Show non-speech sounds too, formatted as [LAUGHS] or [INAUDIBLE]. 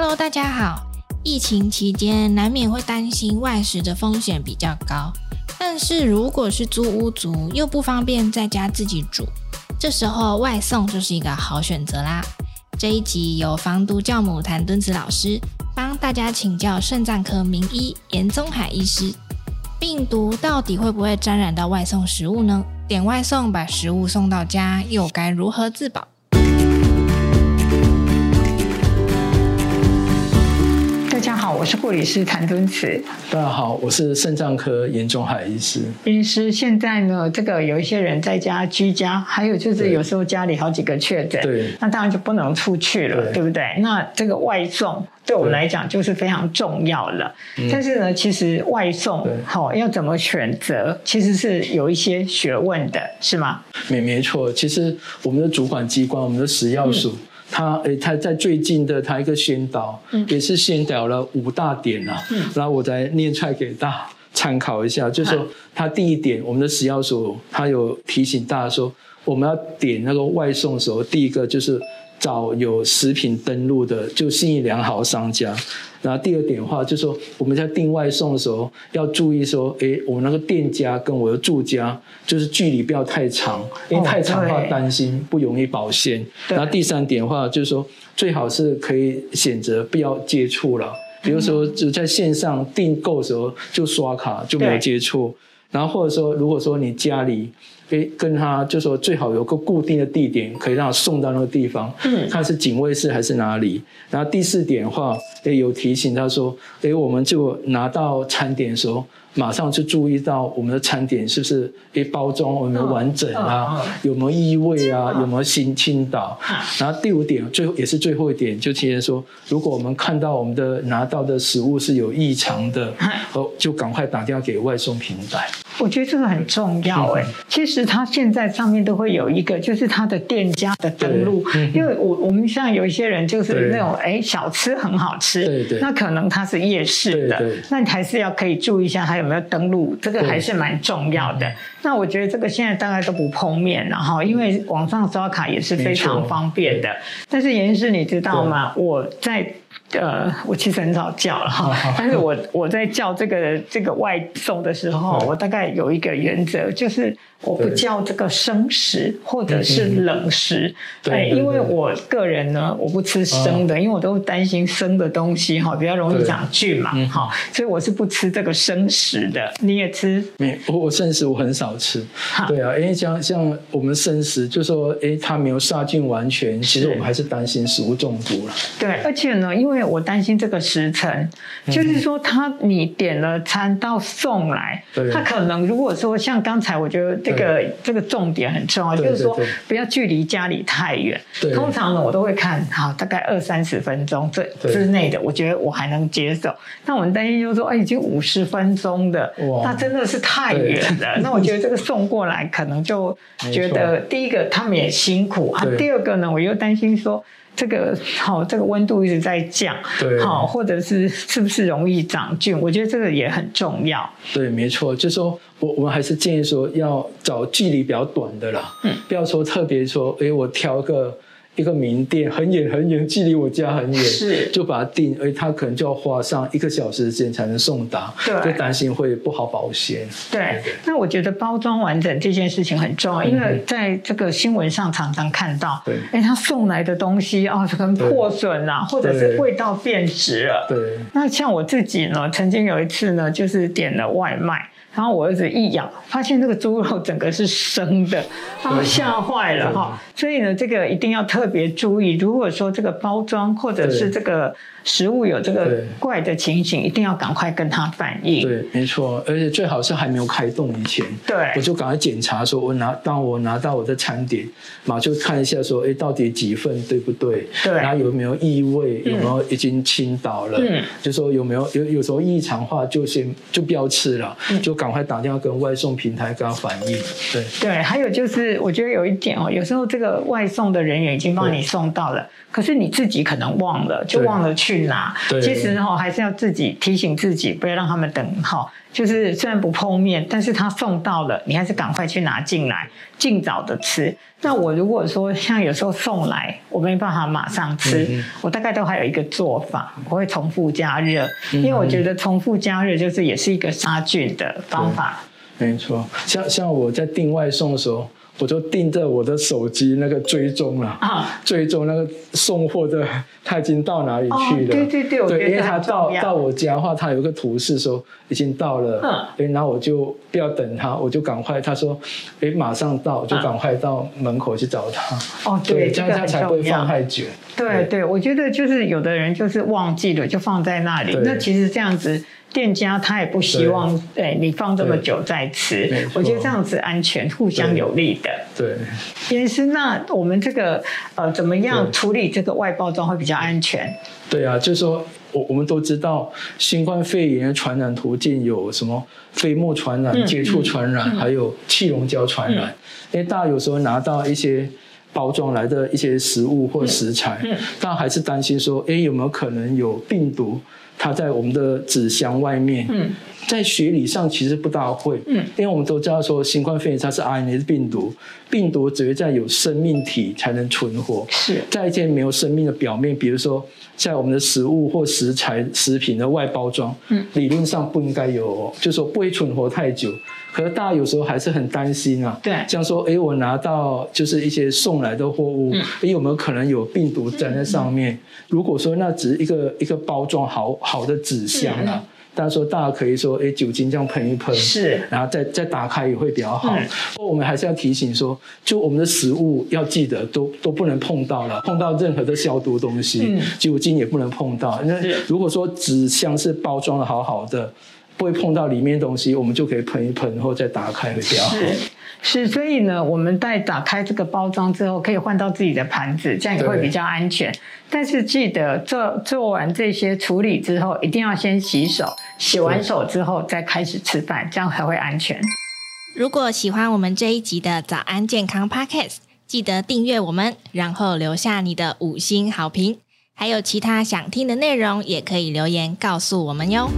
Hello，大家好。疫情期間難免會擔心外食的風險比較高，但是如果是租屋族又不方便在家自己煮，這時候外送就是一個好選擇啦。這一集由防毒教母譚敦慈老師，幫大家請教腎臟科名醫顏宗海醫師，病毒到底會不會沾染到外送食物呢？點外送把食物送到家，又該如何自保？我是護理師譚敦慈。大家好，我是腎臟科顏宗海醫師。醫師，現在呢，這個有一些人在家居家，還有就是有時候家裡好幾個確診，對，那當然就不能出去了，對，對不對？那這個外送對我們來講就是非常重要了。對但是呢，其實外送，好對、哦、要怎麼選擇，其實是有一些學問的，是嗎？沒沒錯，其實我們的主管機關，我們的食藥署。嗯他誒、欸，他在最近的他一個宣導，嗯、也是宣導了五大點啦、啊。嗯、然後我再念出來給大家參考一下，就是、說好他第一點，我們的食藥署他有提醒大家說，我們要點那個外送的時候，嗯、第一個就是。找有食品登錄的就信譽良好商家，然後第二點話就是說，我們在訂外送的時候要注意說，哎、欸，我那個店家跟我的住家就是距離不要太長，因、欸、為太長的話擔心、哦、不容易保鮮。然後第三點話就是說，對最好是可以選擇不要接觸了，比如說、嗯、只在線上訂購的時候就刷卡就沒有接觸。然後或者說，如果說你家裡誒跟他，就說最好有個固定的地點，可以讓他送到那個地方，嗯，看是警衛室還是哪裡？然後第四點的話，誒有提醒他說，哎，我們就拿到餐點的時候。馬上就注意到我們的餐點是不是誒包裝有沒有完整啊，有沒有異味啊，有沒有新傾倒？然後第五點，最後也是最後一點，就提前說，如果我們看到我們的拿到的食物是有異常的，哦，就趕快打電話給外送平台。我覺得這個很重要誒、欸嗯、其實它現在上面都會有一個，就是它的店家的登錄，嗯、因為我我們像有一些人就是那種誒對、欸、小吃很好吃，對那可能它是夜市的，對對那你還是要可以注意一下它有沒有登錄，這個還是蠻重要的。對那我覺得這個現在大家都不碰面了哈，因為網上刷卡也是非常方便的，但是顏醫師，你知道嗎？對我在。呃，我其實很少叫了哈，但是我我在叫這個 [LAUGHS] 這個外送的時候，我大概有一個原則，就是。我不叫這個生食或者是冷食，對，因為我個人呢，我不吃生的，因為我都擔心生的東西哈，比較容易長菌嘛，嗯，好，所以我是不吃這個生食的。你也吃？沒，我生食我很少吃。對啊，因為像像我們生食，就說哎，它沒有殺菌完全，其實我們還是擔心食物中毒了。對，而且呢，因為我擔心這個時程，就是說他你點了餐到送來，他可能如果說像剛才我覺得。這個這個重點很重要，對對對，就是說不要距離家裡太遠。對對對，通常呢對我都會看好大概二三十分鐘這之內的，對我覺得我還能接受。對那我們擔心就是說，哎，已經五十分鐘的，哇那真的是太遠了。對那我覺得這個送過來可能就覺得， [LAUGHS] 沒錯第一個他們也辛苦對啊，第二個呢，我又擔心說。這個好，這個溫度一直在降，對，好，啊，或者是是不是容易長菌？我覺得這個也很重要。對，沒錯，就說我我們還是建議說要找距離比較短的啦，嗯，不要說特別說，哎，我挑個。一個名店很遠很遠，距離我家很遠，是就把它訂，哎，它可能就要花上一個小時時間才能送達，對，就擔心會不好保鮮，對。對對對。那我覺得包裝完整這件事情很重要，因為在這個新聞上常常常看到，對，哎、欸，他送來的東西啊，哦，可能破損啊，對，或者是味道變質了啊，對。那像我自己呢，曾經有一次呢，就是點了外賣。然後我兒子一咬，發現這個豬肉整個是生的，他、啊、們對嚇，嚇壞了哈對。所以呢，這個一定要特別注意。如果說這個包裝或者是這個食物有這個怪的情形，對一定要趕快跟他反應。對，沒錯。而且最好是還沒有開動以前，對，我就趕快檢查說。說我拿當我拿到我的餐點嘛，就看一下說，哎，到底幾份對不對？對，然後有沒有異味？有沒有已經傾倒了？嗯，就說有沒有有有時候異常的話，就先就不要吃了，就。趕快打電話跟外送平台跟他反映。對對，還有就是，我覺得有一點哦，有時候這個外送的人員已經幫你送到了，對可是你自己可能忘了，就忘了去拿。對其實哈，還是要自己提醒自己，不要讓他們等哈。就是雖然不碰面，但是他送到了，你還是趕快去拿進來，盡早的吃。那我如果說像有時候送來，我沒辦法馬上吃，嗯嗯，我大概都還有一個做法，我會重複加熱，嗯嗯，因為我覺得重複加熱就是也是一個殺菌的方法。沒錯，像像我在訂外送的時候。我就盯着我的手機那個追蹤了啊，追蹤那個送貨的他已經到哪裡去了？哦、對對對，我對，因為他到的到我家的話，他有個圖示說已經到了。嗯，然後我就不要等他，我就趕快。他說哎，馬上到，我就趕快到門口去找他。哦、啊，對，這，這樣他才不會放太久。哦、對對，對，對，我覺得就是有的人就是忘記了，就放在那裡。對那其實這樣子。店家他也不希望，對哎，你放這麼久再吃，對我覺得這樣子安全，對互相有利的。對，嚴師，也是那我們這個呃，怎麼樣處理這個外包裝會比較安全對？對啊，就是說我我們都知道，新冠肺炎的傳染途徑有什麼飛沫傳染、接觸傳染，嗯嗯、還有氣溶膠傳染。嗯嗯、因為大家有時候拿到一些包裝來的一些食物或食材，嗯嗯、但還是擔心說，哎，有沒有可能有病毒？它在我們的紙箱外面。嗯在學理上其實不大會，嗯，因為我們都知道說，新冠肺炎它是 RNA 的病毒，病毒只會在有生命體才能存活，是在一些沒有生命的表面，比如說在我們的食物或食材、食品的外包裝，嗯，理論上不應該有，就說不會存活太久。可是大家有時候還是很擔心啊，對，像說，哎、欸，我拿到就是一些送來的貨物，哎、嗯欸，有沒有可能有病毒沾在上面？嗯嗯如果說那只是一個一個包裝好好的紙箱啊。但是說，大家可以說，誒、欸、酒精這樣噴一噴，是，然後再再打開也會比較好。不過、嗯、我們還是要提醒說，就我們的食物要記得都都不能碰到了，碰到任何的消毒東西，嗯、酒精也不能碰到。那是，如果說紙箱是包裝的好好的，不會碰到裡面東西，我們就可以噴一噴，然後再打開會比較好。是，所以呢，我們在打開這個包裝之後，可以換到自己的盤子，這樣也會比較安全。對但是記得做做完這些處理之後，一定要先洗手，洗完手之後再開始吃飯，對這樣才會安全。如果喜歡我們這一集的早安健康 Podcast，記得訂閱我們，然後留下你的五星好評。還有其他想聽的內容，也可以留言告訴我們喲。